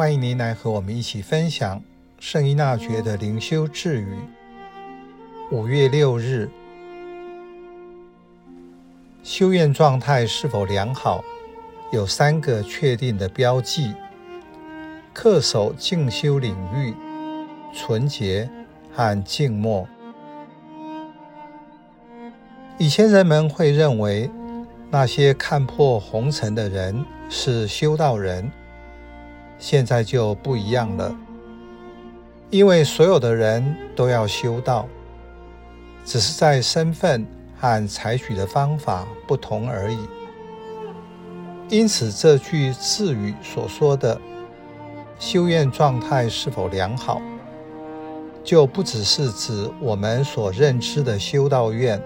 歡迎您來和我們一起分享聖依納爵的靈修智語。五月六日，修院狀態是否良好？有三個確定的標記：恪守靜修領域、純潔和靜默。以前人們會認為，那些看破紅塵的人是修道人。現在就不一樣了，因為所有的人都要修道，只是在身份和採取的方法不同而已。因此，這句智語所說的修院狀態是否良好，就不只是指我們所認知的修道院，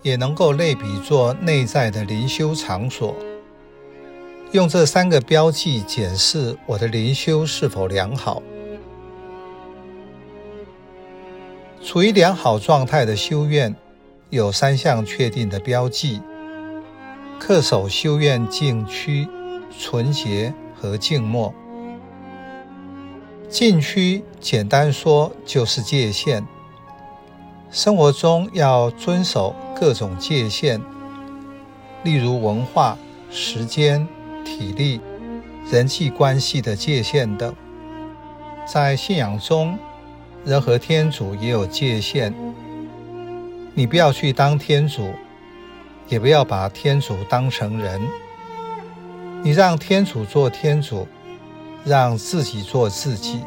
也能夠類比做內在的靈修場所。用這三個標記檢視我的靈修是否良好。處於良好狀態的修院有三項確定的標記：恪守修院禁區、純潔和靜默。禁區簡單說就是界限。生活中要遵守各種界限，例如文化、時間、體力、人際關係的界限等，在信仰中，人和天主也有界限。你不要去當天主，也不要把天主當成人。你讓天主做天主，讓自己做自己。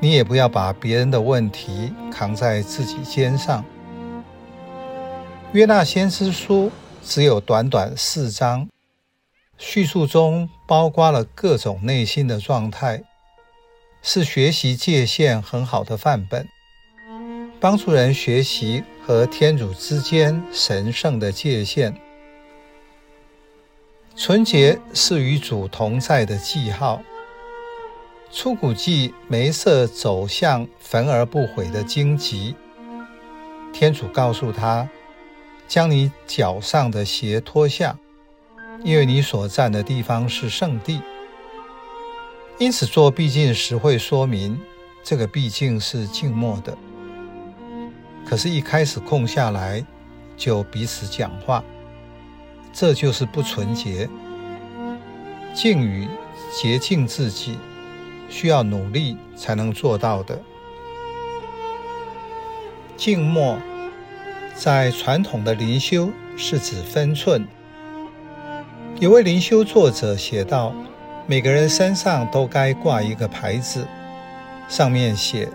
你也不要把別人的問題扛在自己肩上。約納先知書只有短短四章。敘述中包括了各種內心的狀態，是學習界限很好的範本，幫助人學習和天主之間神聖的界限。純潔是與主同在的記號。出谷記梅瑟走向焚而不毀的荊棘，天主告訴他：“將你腳上的鞋脫下。”因為你所站的地方是聖地，因此做避靜時會說明，這個避靜是靜默的。可是，一開始空下來就彼此講話，這就是不純潔。禁語，潔淨自己，需要努力才能做到的。靜默在傳統的靈修是指分寸。有位靈修作者寫道：“每個人身上都該掛一個牌子，上面寫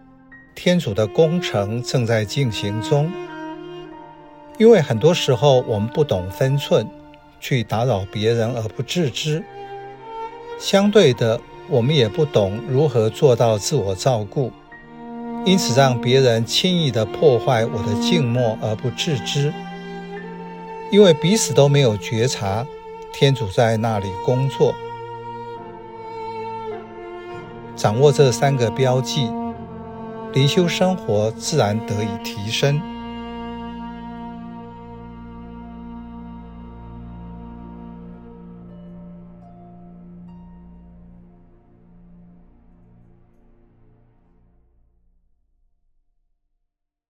‘天主的工程正在進行中’。因為很多時候我們不懂分寸，去打擾別人而不自知；相對的，我們也不懂如何做到自我照顧，因此讓別人輕易地破壞我的靜默而不自知。因為彼此都沒有覺察。”天主在那裡工作，掌握這三個標記，靈修生活自然得以提升。